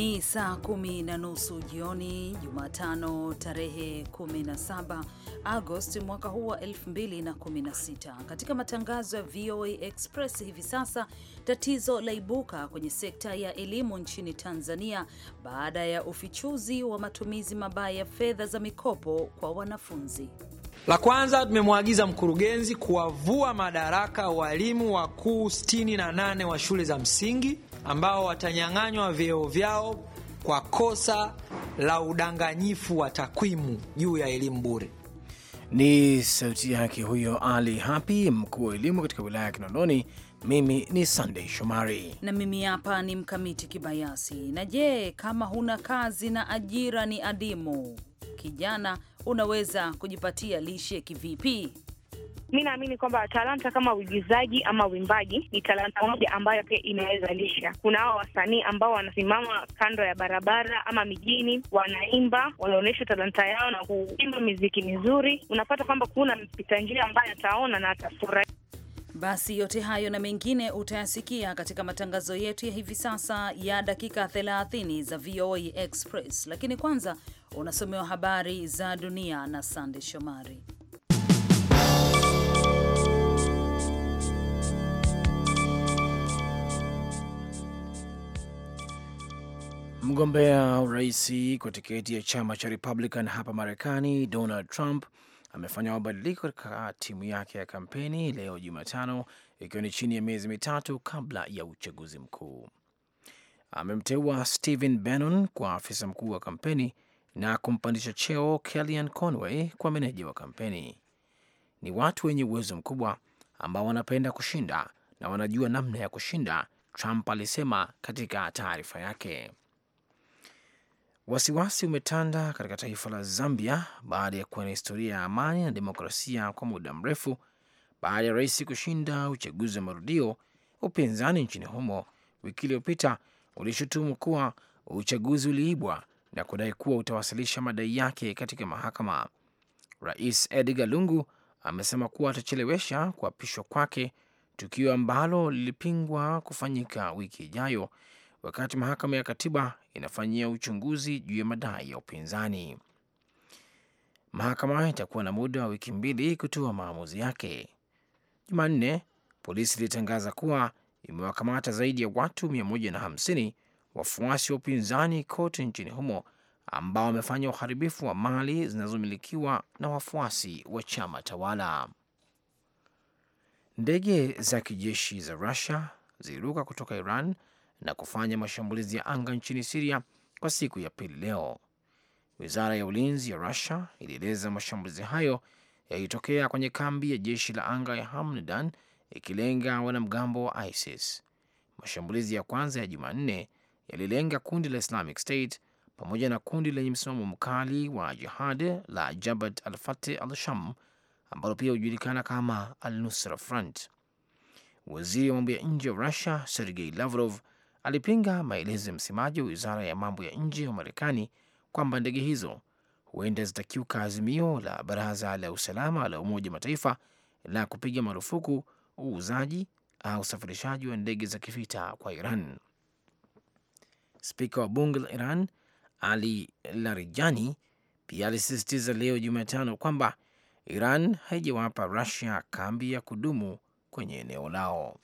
Ni saa kumi na nusu jioni Jumatano, tarehe 17 Agosti mwaka huu wa 2016. Katika matangazo ya VOA Express hivi sasa, tatizo laibuka kwenye sekta ya elimu nchini Tanzania baada ya ufichuzi wa matumizi mabaya ya fedha za mikopo kwa wanafunzi. La kwanza tumemwagiza mkurugenzi kuwavua madaraka walimu wakuu 68 wa shule za msingi ambao watanyang'anywa vyeo vyao kwa kosa la udanganyifu wa takwimu juu ya elimu bure. Ni sauti yake huyo Ali Hapi, mkuu wa elimu katika wilaya ya Kinondoni. Mimi ni Sunday Shomari na mimi hapa ni Mkamiti Kibayasi. Na je, kama huna kazi na ajira ni adimu, kijana, unaweza kujipatia lishe kivipi? mi naamini kwamba talanta kama uigizaji ama uimbaji ni talanta moja ambayo pia inaweza lisha. Kuna hawa wasanii ambao wanasimama kando ya barabara ama mijini, wanaimba, wanaonyesha talanta yao na kuimba miziki mizuri. Unapata kwamba kuna mpita njia ambaye ataona na atafurahi. Basi yote hayo na mengine utayasikia katika matangazo yetu ya hivi sasa ya dakika 30 za VOA Express, lakini kwanza unasomewa habari za dunia na Sande Shomari. Mgombea urais kwa tiketi ya chama cha Republican hapa Marekani, Donald Trump amefanya mabadiliko katika timu yake ya kampeni leo Jumatano, ikiwa ni chini ya miezi mitatu kabla ya uchaguzi mkuu. Amemteua Stephen Bannon kwa afisa mkuu wa kampeni na kumpandisha cheo Kellyanne Conway kwa meneja wa kampeni. Ni watu wenye uwezo mkubwa ambao wanapenda kushinda na wanajua namna ya kushinda, Trump alisema katika taarifa yake. Wasiwasi umetanda katika taifa la Zambia baada ya kuwa na historia ya amani na demokrasia kwa muda mrefu. Baada ya rais kushinda uchaguzi wa marudio, upinzani nchini humo wiki iliyopita ulishutumu kuwa uchaguzi uliibwa na kudai kuwa utawasilisha madai yake katika mahakama. Rais Edgar Lungu amesema kuwa atachelewesha kuapishwa kwake, tukio ambalo lilipingwa kufanyika wiki ijayo wakati mahakama ya katiba inafanyia uchunguzi juu ya madai ya upinzani. Mahakama itakuwa na muda wa wiki mbili kutoa maamuzi yake. Jumanne polisi ilitangaza kuwa imewakamata zaidi ya watu 150 wafuasi wa upinzani kote nchini humo ambao wamefanya uharibifu wa mali zinazomilikiwa na wafuasi wa chama tawala. Ndege za kijeshi za Rusia ziliruka kutoka Iran na kufanya mashambulizi ya anga nchini Siria kwa siku ya pili leo. Wizara ya ulinzi ya Rusia ilieleza mashambulizi hayo yalitokea kwenye kambi ya jeshi la anga ya Hamdan ikilenga wanamgambo wa ISIS. Mashambulizi ya kwanza ya Jumanne yalilenga kundi la Islamic State pamoja na kundi lenye msimamo mkali wa jihad la Jabhat al-Fateh al-Sham ambalo pia hujulikana kama al-Nusra Front. Waziri wa mambo ya nje wa Rusia Sergei Lavrov alipinga maelezo ya msemaji wa wizara ya mambo ya nje wa Marekani kwamba ndege hizo huenda zitakiuka azimio la Baraza la Usalama la Umoja wa Mataifa la kupiga marufuku uuzaji au usafirishaji wa ndege za kivita kwa Iran. Spika wa bunge la Iran Ali Larijani pia alisisitiza leo Jumatano kwamba Iran haijawapa Rusia kambi ya kudumu kwenye eneo lao.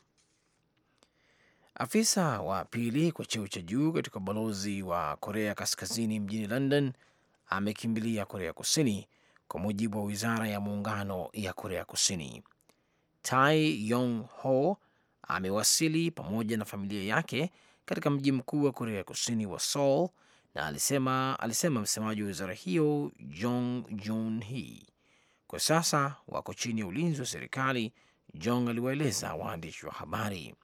Afisa wa pili kwa cheo cha juu katika ubalozi wa Korea Kaskazini mjini London amekimbilia Korea Kusini, kwa mujibu wa wizara ya muungano ya Korea Kusini. Tai Yong Ho amewasili pamoja na familia yake katika mji mkuu wa Korea Kusini wa Seoul na alisema, alisema msemaji wa wizara hiyo Jong Jun Hee, kwa sasa wako chini ya ulinzi wa serikali. Jong aliwaeleza waandishi wa habari.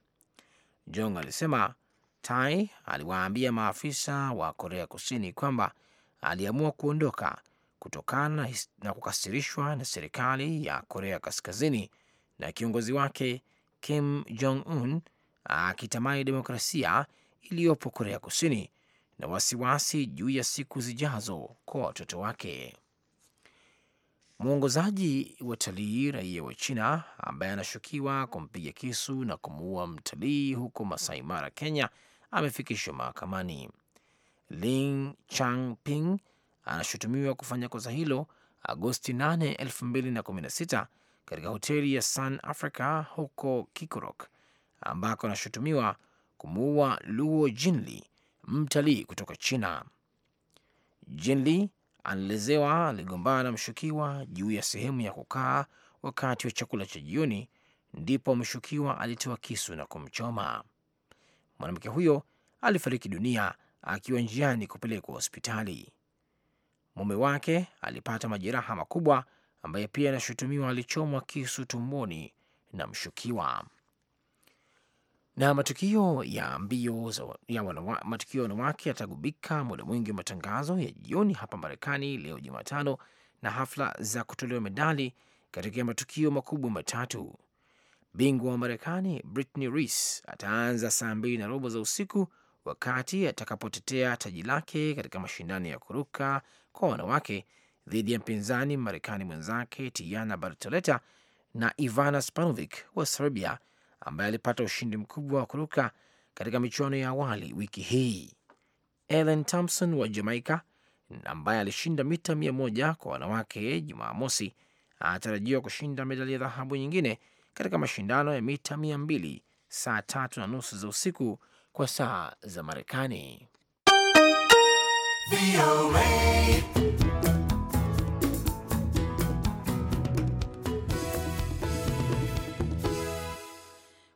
Jong alisema Tai aliwaambia maafisa wa Korea Kusini kwamba aliamua kuondoka kutokana na kukasirishwa na serikali ya Korea Kaskazini na kiongozi wake Kim Jong Un akitamani demokrasia iliyopo Korea Kusini na wasiwasi juu ya siku zijazo kwa watoto wake. Mwongozaji watalii raia wa China ambaye anashukiwa kumpiga kisu na kumuua mtalii huko Masai Mara, Kenya, amefikishwa mahakamani. Ling ping anashutumiwa kufanya kosa hilo Agosti 8, 2016 katika hoteli ya Sun Africa huko Kikorok, ambako anashutumiwa kumuua Luo Jinli, mtalii kutoka China. Jinli anaelezewa aligombana na mshukiwa juu ya sehemu ya kukaa wakati wa chakula cha jioni, ndipo mshukiwa alitoa kisu na kumchoma. Mwanamke huyo alifariki dunia akiwa njiani kupelekwa hospitali. Mume wake alipata majeraha makubwa, ambaye pia anashutumiwa alichomwa kisu tumboni na mshukiwa na matukio ya mbio ya wanawa, matukio ya wanawake yatagubika muda mwingi wa matangazo ya jioni hapa Marekani leo Jumatano na hafla za kutolewa medali katika matukio makubwa matatu. Bingwa wa Marekani Britney Reese ataanza saa mbili na robo za usiku wakati atakapotetea taji lake katika mashindano ya kuruka kwa wanawake dhidi ya mpinzani Marekani mwenzake Tiana Bartoleta na Ivana Spanovic wa Serbia ambaye alipata ushindi mkubwa wa kuruka katika michuano ya awali wiki hii. Ellen Thompson wa Jamaica ambaye alishinda mita mia moja kwa wanawake jumaa mosi anatarajiwa kushinda medali ya dhahabu nyingine katika mashindano ya mita mia mbili saa tatu na nusu za usiku kwa saa za Marekani.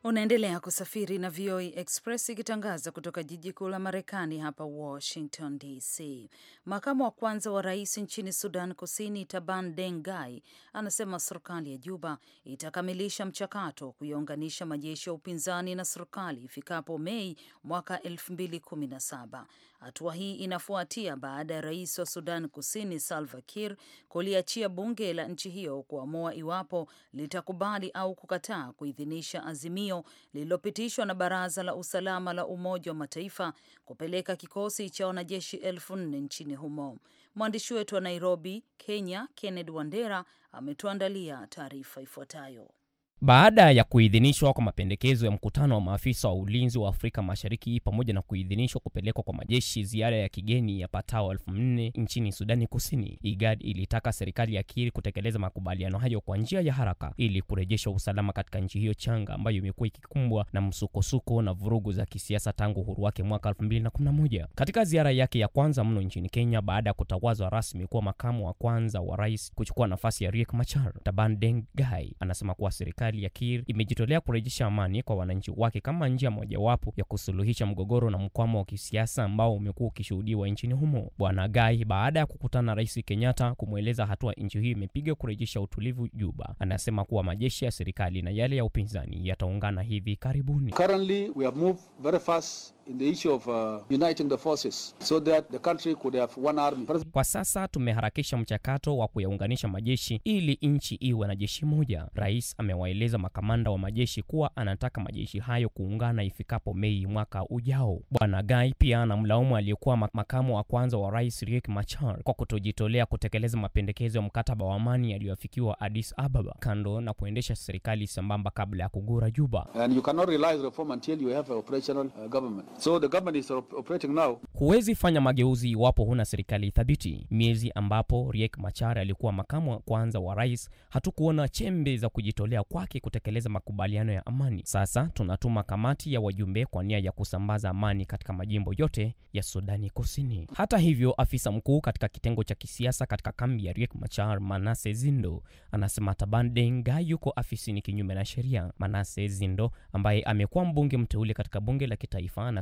Unaendelea kusafiri na VOA e Express ikitangaza kutoka jiji kuu la Marekani hapa Washington DC. Makamu wa kwanza wa rais nchini Sudan Kusini, Taban dengai anasema serikali ya Juba itakamilisha mchakato wa kuyaunganisha majeshi ya upinzani na serikali ifikapo Mei mwaka 2017 Hatua hii inafuatia baada ya rais wa Sudan Kusini Salva Kiir kuliachia bunge la nchi hiyo kuamua iwapo litakubali au kukataa kuidhinisha azimio lililopitishwa na Baraza la Usalama la Umoja wa Mataifa kupeleka kikosi cha wanajeshi elfu nne nchini humo. Mwandishi wetu wa Nairobi, Kenya, kenned Wandera ametuandalia taarifa ifuatayo. Baada ya kuidhinishwa kwa mapendekezo ya mkutano wa maafisa wa ulinzi wa Afrika Mashariki pamoja na kuidhinishwa kupelekwa kwa majeshi ziara ya kigeni ya patao elfu nne nchini Sudani Kusini, IGAD ilitaka serikali ya Kiir kutekeleza makubaliano hayo kwa njia ya haraka ili kurejesha usalama katika nchi hiyo changa ambayo imekuwa ikikumbwa na msukosuko na vurugu za kisiasa tangu uhuru wake mwaka 2011. Katika ziara yake ya kwanza mno nchini Kenya baada ya kutawazwa rasmi kuwa makamu wa kwanza wa rais kuchukua nafasi ya Riek Machar, Taban Deng Gai anasema kuwa serikali serikali ya Kiir imejitolea kurejesha amani kwa wananchi wake kama njia mojawapo ya kusuluhisha mgogoro na mkwamo wa kisiasa ambao umekuwa ukishuhudiwa nchini humo. Bwana Gai, baada ya kukutana na Rais Kenyatta kumweleza hatua nchi hiyo imepiga kurejesha utulivu Juba, anasema kuwa majeshi ya serikali na yale ya upinzani yataungana hivi karibuni. Currently, we have moved very fast in the issue of uh, uniting the forces so that the country could have one army. Kwa sasa tumeharakisha mchakato wa kuyaunganisha majeshi ili nchi iwe na jeshi moja. Rais amewaeleza makamanda wa majeshi kuwa anataka majeshi hayo kuungana ifikapo Mei mwaka ujao. Bwana Gai pia anamlaumu aliyekuwa makamu wa kwanza wa rais Riek Machar kwa kutojitolea kutekeleza mapendekezo ya mkataba wa amani yaliyoafikiwa Addis Ababa, kando na kuendesha serikali sambamba kabla ya kugura Juba. And you cannot realize reform until you have a operational uh, government. So the government is operating now. Huwezi fanya mageuzi iwapo huna serikali thabiti. Miezi ambapo Riek Machar alikuwa makamu wa kwanza wa rais, hatukuona chembe za kujitolea kwake kutekeleza makubaliano ya amani. Sasa tunatuma kamati ya wajumbe kwa nia ya kusambaza amani katika majimbo yote ya Sudani Kusini. Hata hivyo, afisa mkuu katika kitengo cha kisiasa katika kambi ya Riek Machar, Manase Zindo, anasema Taban yuko afisini kinyume na sheria. Manase Zindo ambaye amekuwa mbunge mteule katika bunge la kitaifa na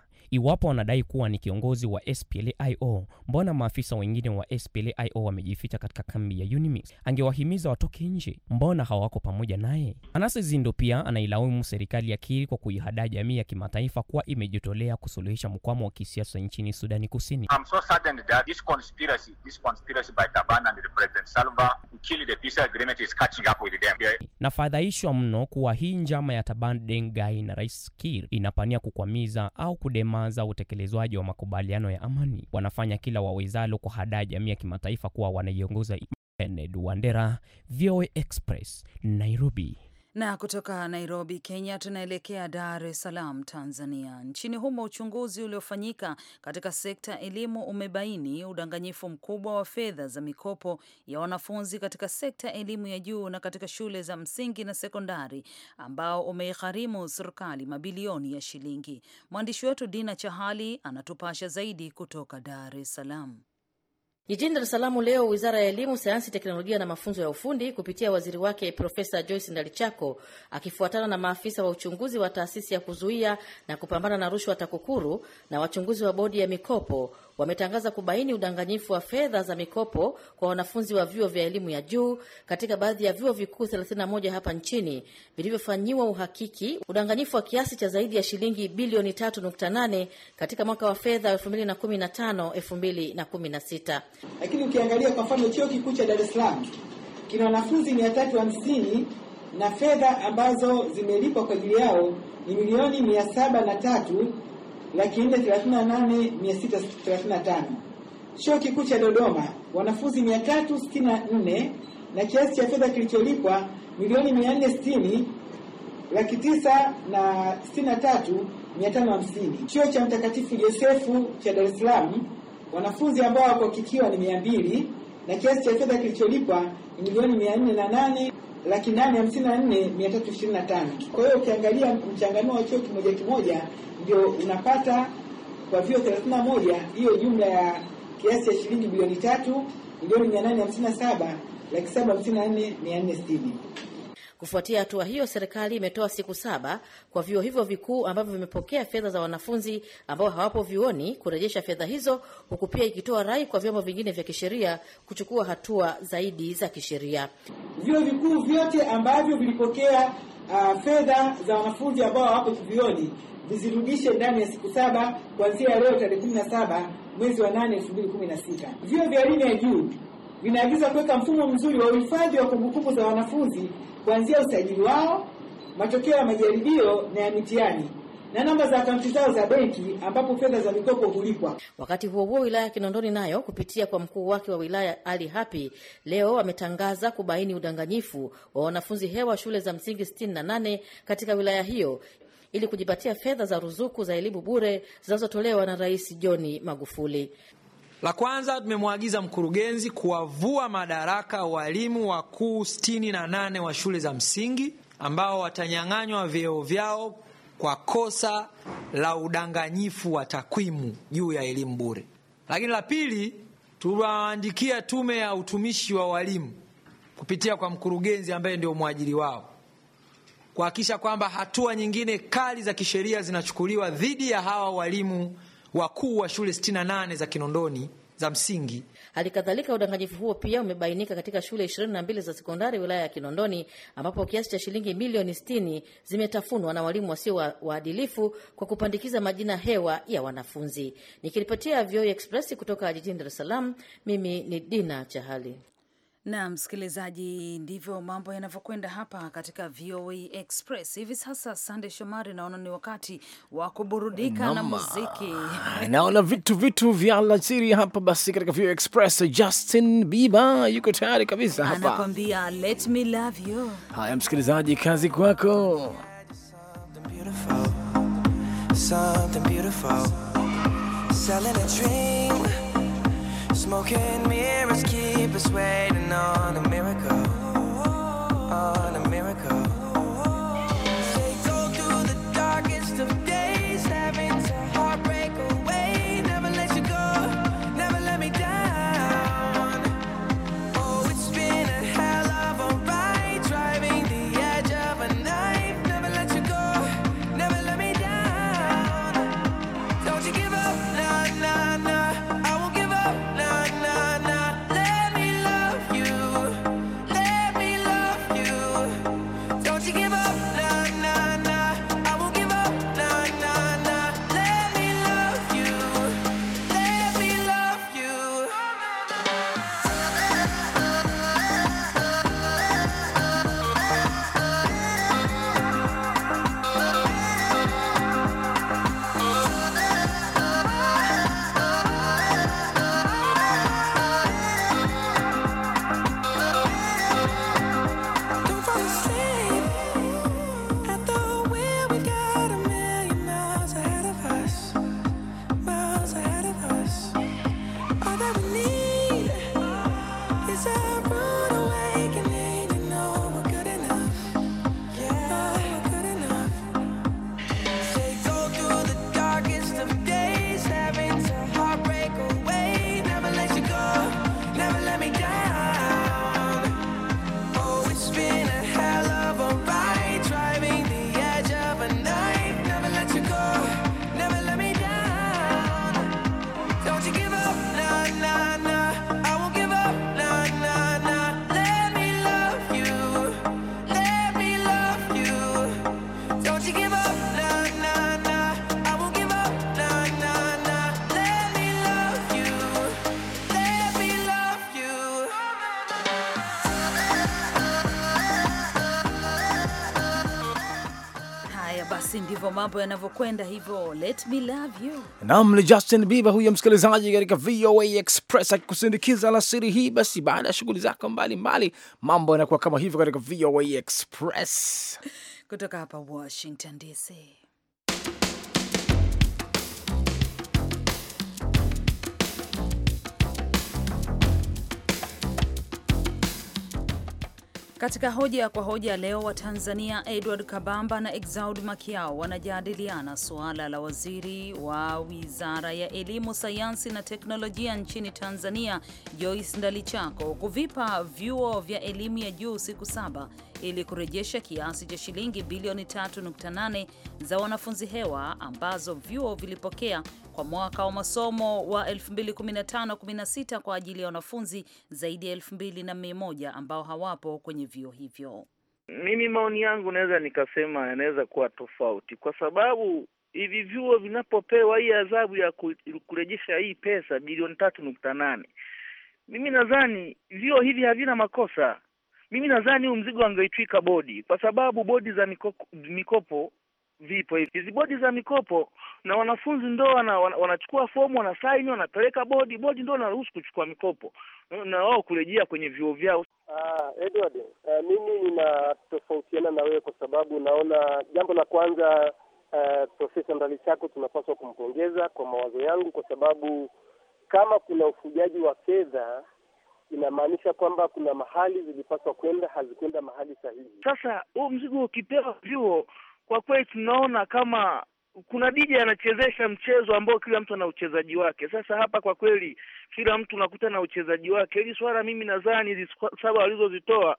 Iwapo wanadai kuwa ni kiongozi wa splio mbona maafisa wengine wa SPLAIO wamejificha katika kambi ya UNIMIX? Angewahimiza watoke nje, mbona hawako pamoja naye? Anase Zindo pia anailaumu serikali ya Kiir kwa kuihadaa jamii ya kimataifa kuwa imejitolea kusuluhisha mkwamo wa kisiasa nchini Sudani Kusini. I'm so certain that this conspiracy, this conspiracy by and President Salva to kill the peace agreement is catching up with them. Nafadhaishwa mno kuwa hii njama ya Taban gai na Rais Kiir inapania kukwamiza au kudema za utekelezwaji wa makubaliano ya amani. Wanafanya kila wawezalo kuhadaa jamii ya kimataifa kuwa wanaiongoza. Kennedy Wandera, VOA Express, Nairobi. Na kutoka Nairobi, Kenya, tunaelekea Dar es Salaam, Tanzania. Nchini humo, uchunguzi uliofanyika katika sekta elimu umebaini udanganyifu mkubwa wa fedha za mikopo ya wanafunzi katika sekta elimu ya juu na katika shule za msingi na sekondari, ambao umeigharimu serikali mabilioni ya shilingi. Mwandishi wetu Dina Chahali anatupasha zaidi kutoka Dar es Salaam. Jijini Dar es Salaam leo, Wizara ya Elimu, Sayansi, Teknolojia na Mafunzo ya Ufundi kupitia waziri wake Profesa Joyce Ndalichako akifuatana na maafisa wa uchunguzi wa Taasisi ya Kuzuia na Kupambana na Rushwa TAKUKURU na wachunguzi wa Bodi ya Mikopo wametangaza kubaini udanganyifu wa fedha za mikopo kwa wanafunzi wa vyuo vya elimu ya juu katika baadhi ya vyuo vikuu 31 hapa nchini vilivyofanyiwa uhakiki, udanganyifu wa kiasi cha zaidi ya shilingi bilioni 3.8 katika mwaka wa fedha 2015 2016. Lakini ukiangalia kwa mfano chuo kikuu cha Dar es Salaam kina wanafunzi 350 na fedha ambazo zimelipwa kwa ajili yao ni milioni 703 laki nne thelathini na nane mia sita thelathini na tano. Chuo Kikuu cha Dodoma wanafunzi mia tatu sitini na nne na kiasi cha fedha kilicholipwa milioni mia nne sitini laki tisa na sitini na tatu mia tano hamsini. Chuo cha Mtakatifu Josefu cha Dar es Salaam wanafunzi ambao kikiwa ni mia mbili na kiasi cha fedha kilicholipwa ni milioni mia nne na nane laki nane hamsini na nne mia tatu ishirini na tano. Kwa hiyo ukiangalia mchanganuo wa chuo kimoja kimoja ndio unapata kwa vyuo 31 hiyo jumla ya kiasi cha shilingi bilioni tatu milioni mia nane hamsini na saba laki saba hamsini na nne mia nne sitini. Kufuatia hatua hiyo, serikali imetoa siku saba kwa vyuo hivyo vikuu ambavyo vimepokea fedha za wanafunzi ambao hawapo vyuoni kurejesha fedha hizo, huku pia ikitoa rai kwa vyombo vingine vya kisheria kuchukua hatua zaidi za kisheria. Vyuo vikuu vyote ambavyo vilipokea uh, fedha za wanafunzi ambao hawapo vyuoni vizirudishe ndani ya siku saba kuanzia leo tarehe 17 mwezi wa na sita. Vyuo vya elimu ya juu vinaagiza kuweka mfumo mzuri wa uhifadhi wa kumbukumbu za wanafunzi kuanzia usajili wao, matokeo ya majaribio na ya mitihani na namba za akaunti zao za benki ambapo fedha za mikopo hulipwa. Wakati huo huo, wilaya ya Kinondoni nayo kupitia kwa mkuu wake wa wilaya Ali Hapi leo ametangaza kubaini udanganyifu wa wanafunzi hewa shule za msingi 68 katika wilaya hiyo ili kujipatia fedha za ruzuku za elimu bure zinazotolewa na Rais John Magufuli. La kwanza tumemwagiza mkurugenzi kuwavua madaraka walimu wakuu sitini na nane wa shule za msingi ambao watanyang'anywa vyeo vyao kwa kosa la udanganyifu wa takwimu juu ya elimu bure. Lakini la pili, tuliwaandikia Tume ya Utumishi wa Walimu kupitia kwa mkurugenzi ambaye ndio mwajiri wao kuhakikisha kwamba hatua nyingine kali za kisheria zinachukuliwa dhidi ya hawa walimu wakuu wa shule 68 za Kinondoni za msingi. Hali kadhalika udanganyifu huo pia umebainika katika shule 22 za sekondari wilaya ya Kinondoni, ambapo kiasi cha shilingi milioni 60 zimetafunwa na walimu wasio waadilifu kwa kupandikiza majina hewa ya wanafunzi. Nikiripotia VOA e Express kutoka jijini Dar es Salaam, mimi ni Dina Chahali. Na msikilizaji, ndivyo mambo yanavyokwenda hapa katika VOA Express hivi sasa. Sande Shomari, naona ni wakati wa kuburudika na muziki. Ah, naona vitu vitu vya alasiri hapa. Basi katika VOA Express, Justin Bieber yuko tayari kabisa hapa, anakwambia let me love you. Haya msikilizaji, kazi kwako. Something beautiful. Something beautiful. Smoking mirrors keep us waiting on a miracle. On a mambo yanavyokwenda hivyo, let me love you. Naam, ni Justin Bieber huyo msikilizaji, katika VOA Express akikusindikiza alasiri hii. Basi baada ya shughuli zako mbalimbali, mambo yanakuwa kama hivyo katika VOA Express kutoka hapa Washington DC. Katika hoja kwa hoja leo, Watanzania Edward Kabamba na Exaud Makiao wanajadiliana suala la waziri wa wizara ya elimu, sayansi na teknolojia nchini Tanzania, Joyce Ndalichako, kuvipa vyuo vya elimu ya juu siku saba ili kurejesha kiasi cha shilingi bilioni 3.8 za wanafunzi hewa ambazo vyuo vilipokea kwa mwaka wa masomo wa 2015-16 kwa ajili ya wanafunzi zaidi ya moja ambao hawapo kwenye vyuo hivyo. Mimi maoni yangu naweza nikasema yanaweza kuwa tofauti, kwa sababu hivi vyuo vinapopewa hii adhabu ya kurejesha hii pesa bilioni tatu nukta nane mimi nadhani vyuo hivi havina makosa. Mimi nadhani huu mzigo angeitwika bodi, kwa sababu bodi za mikopo, mikopo vipo hivi hizi bodi za mikopo, na wanafunzi ndo wana, wanachukua fomu wanasaini, wanapeleka bodi, bodi ndo wanaruhusu kuchukua mikopo na wao kurejea kwenye vyuo vyao. Ah, Edward, uh, mimi ninatofautiana na wewe kwa sababu naona jambo la kwanza Uh, Profesa Ndalichako tunapaswa kumpongeza kwa mawazo yangu, kwa sababu kama kuna ufujaji wa fedha inamaanisha kwamba kuna mahali zilipaswa kwenda hazikwenda mahali sahihi. Sasa huu mzigo ukipewa vyuo kwa kweli tunaona kama kuna DJ anachezesha mchezo ambao kila mtu ana uchezaji wake. Sasa hapa kwa kweli kila mtu nakuta na uchezaji wake. Hili swala mimi nadhani hizi saba walizozitoa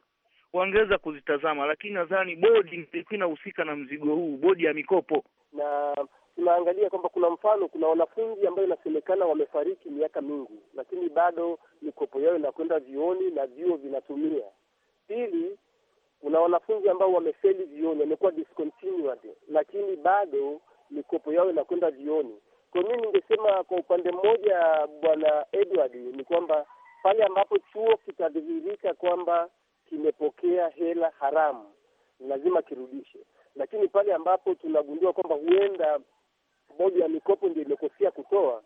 wangeweza kuzitazama, lakini nadhani bodi ilikuwa inahusika na mzigo huu, bodi ya mikopo. Na tunaangalia kwamba kuna mfano, kuna wanafunzi ambayo inasemekana wamefariki miaka mingi, lakini bado mikopo yao inakwenda vioni na vio vinatumia. Pili, kuna wanafunzi ambao wamefeli vioni, wamekuwa discontinued, lakini bado mikopo yao inakwenda vioni. Kwa mimi ningesema kwa upande mmoja, bwana Edward, ni kwamba pale ambapo chuo kitadhihirika kwamba kimepokea hela haramu, lazima kirudishe, lakini pale ambapo tunagundua kwamba huenda bodi ya mikopo ndio imekosea kutoa,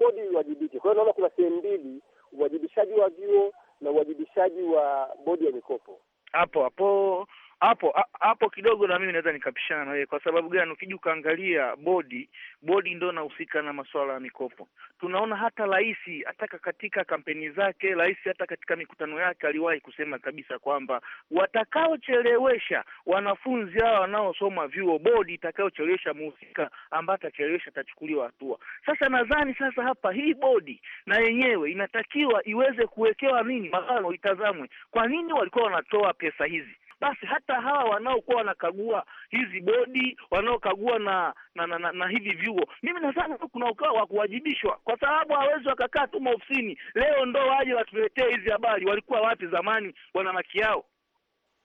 bodi iwajibike. Kwa hiyo naona kuna sehemu mbili, uwajibishaji wa vyuo na uwajibishaji wa bodi ya mikopo hapo hapo hapo hapo kidogo na mimi naweza nikapishana na wewe. Kwa sababu gani? Ukija ukaangalia bodi, bodi ndio inahusika na masuala ya mikopo. Tunaona hata rais, hata katika kampeni zake rais, hata katika mikutano yake aliwahi kusema kabisa kwamba watakaochelewesha wanafunzi hawa wanaosoma vyuo, bodi itakayochelewesha mhusika ambaye atachelewesha atachukuliwa hatua. Sasa nadhani sasa hapa hii bodi na yenyewe inatakiwa iweze kuwekewa nini mahalo itazamwe kwa nini walikuwa wanatoa pesa hizi basi hata hawa wanaokuwa wanakagua hizi bodi wanaokagua na na, na, na na hivi vyuo, mimi nadhani kuna ukawa wa kuwajibishwa, kwa sababu hawezi wakakaa tu maofisini leo ndo waje watuletee hizi habari. Walikuwa wapi zamani maki yao?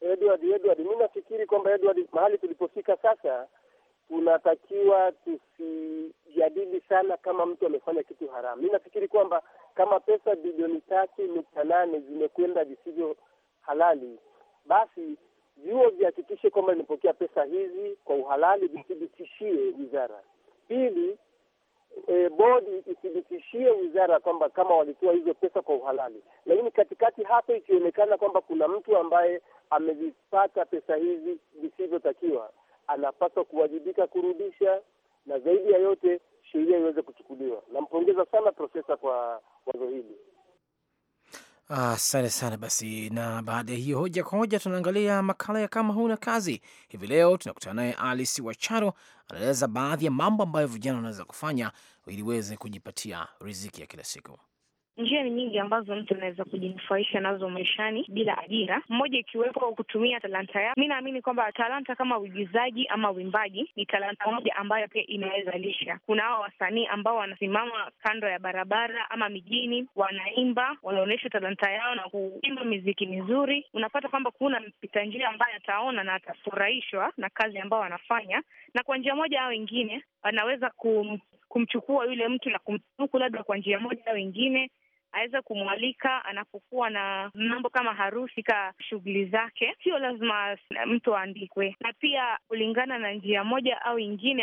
Edward, Edward, mimi nafikiri kwamba Edward, mahali tulipofika sasa tunatakiwa tusijadili sana kama mtu amefanya kitu haramu. Mi nafikiri kwamba kama pesa bilioni tatu nukta nane zimekwenda visivyo halali, basi vyuo vihakikishe kwamba imepokea pesa hizi kwa uhalali, vithibitishie wizara. Pili, e, bodi ithibitishie wizara kwamba kama walitoa hizo pesa kwa uhalali. Lakini katikati hapo ikionekana kwamba kuna mtu ambaye amezipata pesa hizi visivyotakiwa, anapaswa kuwajibika kurudisha, na zaidi ya yote sheria iweze kuchukuliwa. Nampongeza sana Profesa kwa wazo hili. Asante ah, sana basi. Na baada ya hiyo hoja kwa hoja, tunaangalia makala ya kama huna kazi. Hivi leo tunakutana naye Alice Wacharo, anaeleza baadhi ya mambo ambayo vijana wanaweza kufanya ili weze kujipatia riziki ya kila siku. Njia ni nyingi ambazo mtu anaweza kujinufaisha nazo maishani bila ajira, mmoja ikiwepo kutumia talanta yao. Mi naamini kwamba talanta kama uigizaji ama uimbaji ni talanta moja ambayo pia inaweza lisha. Kuna hawa wasanii ambao wanasimama kando ya barabara ama mijini, wanaimba, wanaonyesha talanta yao na kuimba miziki mizuri. Unapata kwamba kuna mpita njia ambaye ataona na atafurahishwa na kazi ambayo wanafanya, na kwa njia moja au wengine anaweza kum, kumchukua yule mtu na kumtuku labda kwa njia moja au aweze kumwalika anapokuwa na mambo kama harusi ka shughuli zake. Sio lazima mtu aandikwe, na pia kulingana na njia moja au ingine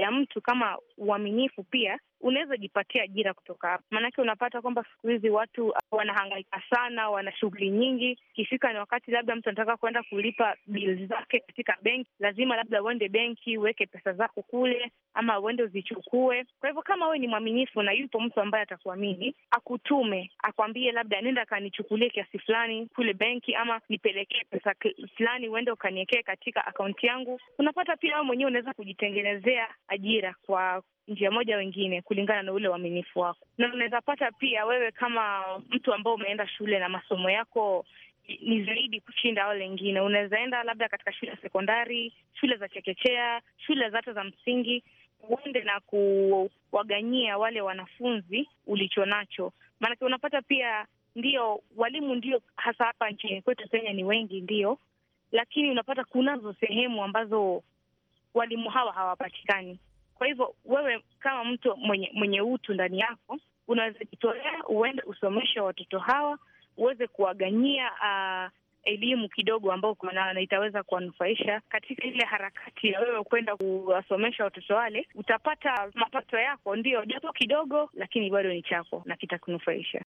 ya mtu kama uaminifu, pia unaweza jipatia ajira kutoka hapa. Maanake unapata kwamba siku hizi watu uh, wanahangaika sana, wana shughuli nyingi. Ikifika ni wakati labda mtu anataka kuenda kulipa bili zake katika benki, lazima labda uende benki uweke pesa zako kule, ama uende uzichukue. Kwa hivyo kama we ni mwaminifu na yupo mtu ambaye atakuamini, akutume akwambie, labda nenda akanichukulie kiasi fulani kule benki, ama nipelekee pesa fulani, uende ukaniekee katika akaunti yangu. Unapata pia wewe mwenyewe unaweza kujitengenezea ajira kwa njia moja wengine kulingana na ule uaminifu wako, na unaweza pata pia wewe kama mtu ambao umeenda shule na masomo yako ni zaidi kushinda wale wengine. Unaweza enda labda katika shule ya sekondari, shule za chekechea, shule zote za msingi, uende na kuwaganyia wale wanafunzi ulicho nacho, maanake unapata pia ndio walimu ndio hasa hapa nchini kwetu Kenya ni wengi ndio, lakini unapata kunazo sehemu ambazo walimu hawa hawapatikani. Kwa hivyo wewe kama mtu mwenye, mwenye utu ndani yako unaweza jitolea uende usomeshe watoto hawa uweze kuwaganyia uh, elimu kidogo ambao uko na itaweza kuwanufaisha katika ile harakati ya wewe kwenda kuwasomesha watoto wale. Utapata mapato yako, ndio japo kidogo, lakini bado ni chako na kitakunufaisha.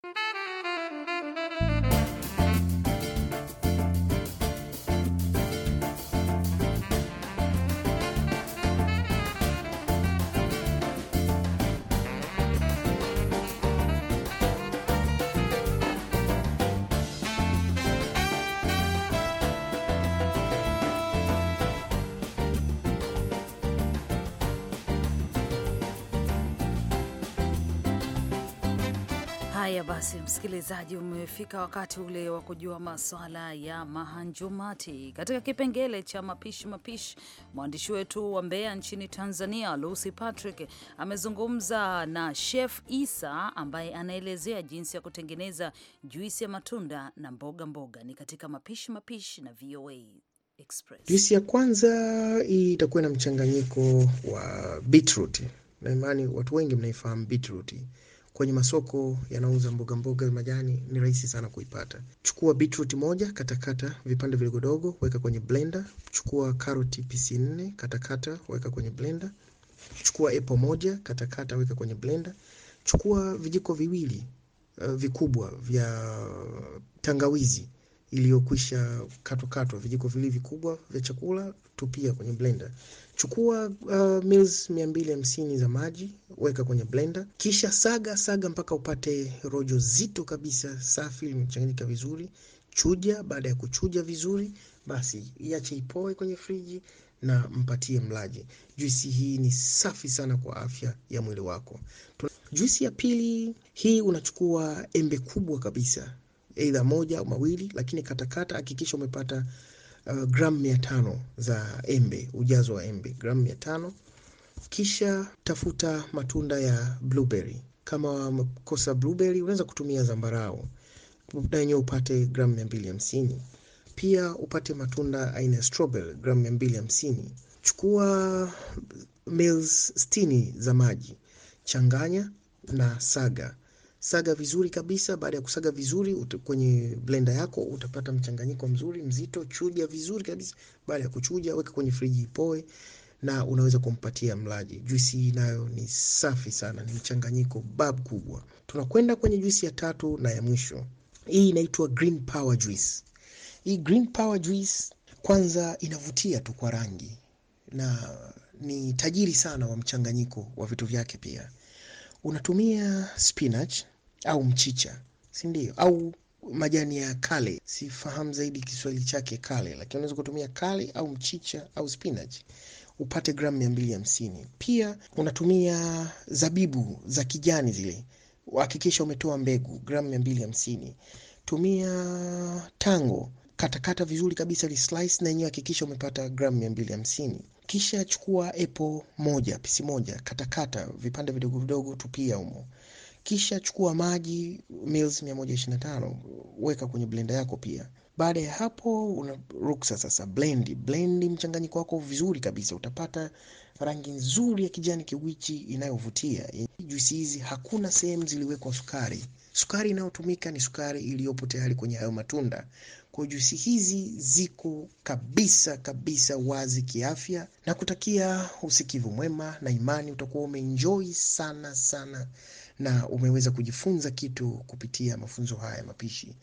Basi msikilizaji, umefika wakati ule wa kujua maswala ya mahanjumati katika kipengele cha mapishi mapishi. Mwandishi wetu wa Mbeya nchini Tanzania, Lucy Patrick, amezungumza na Chef Isa ambaye anaelezea jinsi ya kutengeneza juisi ya matunda na mboga mboga. Ni katika mapishi mapishi na VOA Express. Juisi ya kwanza itakuwa na mchanganyiko wa beetroot, na imani watu wengi mnaifahamu beetroot kwenye masoko yanauza mboga mboga za majani, ni rahisi sana kuipata. Chukua beetroot moja, katakata vipande vidogodogo, weka kwenye blender. Chukua karoti pisi nne, katakata, weka kwenye blender. Chukua apple moja, katakata, weka kwenye blender. Chukua vijiko viwili uh, vikubwa vya tangawizi iliyokwisha katwakatwa, vijiko viwili vikubwa vya chakula, tupia kwenye blender. Chukua uh, mils 250 za maji, weka kwenye blender, kisha saga saga mpaka upate rojo zito kabisa, safi, limechanganyika vizuri. Chuja. Baada ya kuchuja vizuri, basi iache ipoe kwenye friji na mpatie mlaji. Juisi hii ni safi sana kwa afya ya mwili wako. Juisi ya pili hii, unachukua embe kubwa kabisa, aidha moja au mawili, lakini katakata, hakikisha umepata Uh, gramu mia tano za embe, ujazo wa embe gramu mia tano Kisha tafuta matunda ya blueberry. Kama wamekosa blueberry, unaweza kutumia zambarau na yenyewe upate gramu mia mbili hamsini. Pia upate matunda aina ya strawberry gramu mia mbili hamsini. Chukua ml sitini za maji, changanya na saga saga vizuri kabisa. Baada ya kusaga vizuri utu, kwenye blender yako utapata mchanganyiko mzuri mzito. Chuja vizuri kabisa. Baada ya kuchuja, weka kwenye friji ipoe, na unaweza kumpatia mlaji. Juisi nayo ni safi sana, ni mchanganyiko bab kubwa. Tunakwenda kwenye juisi ya tatu na ya mwisho. Hii inaitwa Green Power Juice. Hii Green Power Juice kwanza inavutia tu kwa rangi na ni tajiri sana wa mchanganyiko wa vitu vyake pia unatumia spinach au mchicha, si ndio? Au majani ya kale, sifahamu zaidi Kiswahili chake kale, lakini unaweza kutumia kale au mchicha au spinach upate gramu mia mbili hamsini. Pia unatumia zabibu za kijani zile, hakikisha umetoa mbegu, gramu mia mbili hamsini. Tumia tango, katakata vizuri kabisa, lislice na yenyewe hakikisha umepata gramu mia mbili hamsini. Kisha chukua epo moja, pisi moja, katakata vipande vidogo vidogo, tupia humo. Kisha chukua maji mils 125 weka kwenye blender yako pia. Baada ya hapo, unaruksa sasa, blendi blendi mchanganyiko wako vizuri kabisa, utapata rangi nzuri ya kijani kibichi inayovutia. Juisi hizi hakuna sehemu ziliwekwa sukari. Sukari inayotumika ni sukari iliyopo tayari kwenye hayo matunda. Kwa juisi hizi ziko kabisa kabisa wazi kiafya, na kutakia usikivu mwema na imani, utakuwa umeenjoy sana sana na umeweza kujifunza kitu kupitia mafunzo haya mapishi.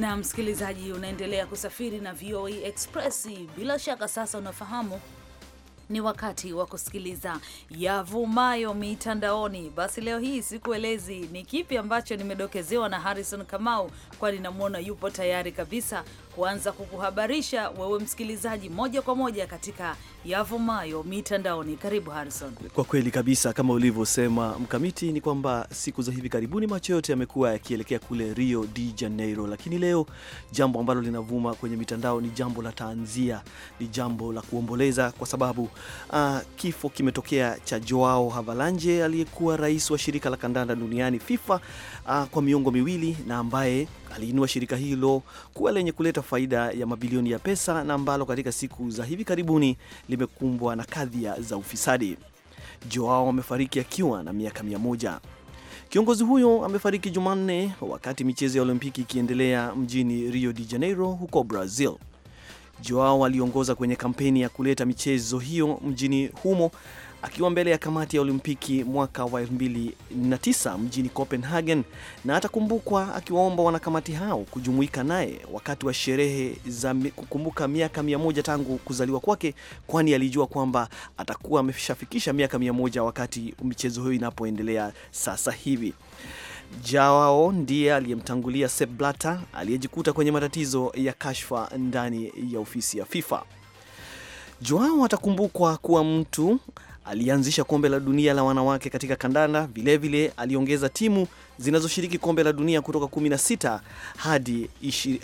na msikilizaji, unaendelea kusafiri na VOA e Express. Bila shaka sasa unafahamu ni wakati wa kusikiliza yavumayo mitandaoni. Basi leo hii sikuelezi ni kipi ambacho nimedokezewa na Harrison Kamau, kwani namwona yupo tayari kabisa kuanza kukuhabarisha wewe msikilizaji moja kwa moja katika yavumayo mitandaoni. Karibu Harrison. Kwa kweli kabisa kama ulivyosema Mkamiti, ni kwamba siku za hivi karibuni macho yote yamekuwa yakielekea kule Rio de Janeiro, lakini leo jambo ambalo linavuma kwenye mitandao ni jambo la tanzia, ni jambo la kuomboleza kwa sababu uh, kifo kimetokea cha Joao Havalanje aliyekuwa rais wa shirika la kandanda duniani FIFA uh, kwa miongo miwili na ambaye aliinua shirika hilo kuwa lenye kuleta faida ya mabilioni ya pesa na ambalo katika siku za hivi karibuni limekumbwa na kadhia za ufisadi. Joao amefariki akiwa na miaka mia moja. Kiongozi huyo amefariki Jumanne wakati michezo ya Olimpiki ikiendelea mjini Rio de Janeiro huko Brazil. Joao aliongoza kwenye kampeni ya kuleta michezo hiyo mjini humo akiwa mbele ya kamati ya Olimpiki mwaka wa 2009 mjini Copenhagen, na atakumbukwa akiwaomba wanakamati hao kujumuika naye wakati wa sherehe za kukumbuka miaka mia moja tangu kuzaliwa kwake, kwani alijua kwamba atakuwa ameshafikisha miaka mia moja wakati michezo hiyo inapoendelea sasa hivi. Jawao ndiye aliyemtangulia Sepp Blatter aliyejikuta kwenye matatizo ya kashfa ndani ya ofisi ya FIFA. Joao atakumbukwa kuwa mtu alianzisha kombe la dunia la wanawake katika kandanda. Vilevile aliongeza timu zinazoshiriki kombe la dunia kutoka 16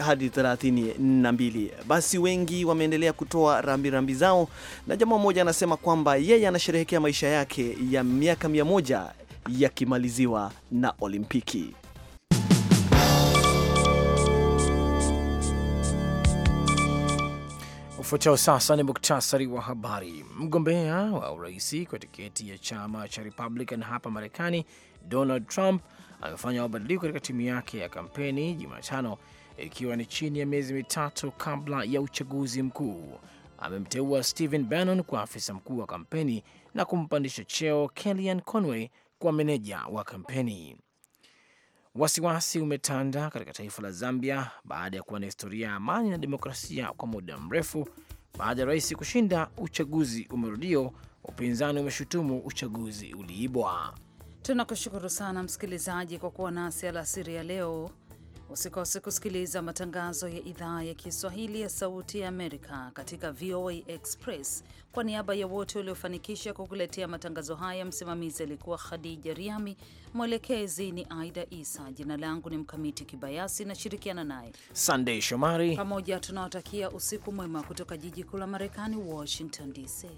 hadi 32. Basi wengi wameendelea kutoa rambirambi rambi zao, na jamaa mmoja anasema kwamba yeye anasherehekea maisha yake ya miaka 1 yakimaliziwa na Olimpiki. Ufuatao sasa ni muktasari wa habari. Mgombea wa uraisi kwa tiketi ya chama cha Republican hapa Marekani, Donald Trump amefanya mabadiliko katika timu yake ya kampeni Jumatano, ikiwa ni chini ya miezi mitatu kabla ya uchaguzi mkuu. Amemteua Stephen Bannon kwa afisa mkuu wa kampeni na kumpandisha cheo Kellyanne Conway kwa meneja wa kampeni. Wasiwasi umetanda katika taifa la Zambia baada ya kuwa na historia ya amani na demokrasia kwa muda mrefu. Baada ya rais kushinda uchaguzi umerudio, upinzani umeshutumu uchaguzi uliibwa. Tunakushukuru sana msikilizaji kwa kuwa nasi alasiri ya leo. Usikose kusikiliza matangazo ya idhaa ya Kiswahili ya Sauti ya Amerika katika VOA Express. Kwa niaba ya wote waliofanikisha kukuletea matangazo haya, msimamizi alikuwa Khadija Riami, mwelekezi ni Aida Isa, jina langu ni Mkamiti Kibayasi nashirikiana naye sandey Shomari. Pamoja tunawatakia usiku mwema kutoka jiji kuu la Marekani, Washington DC.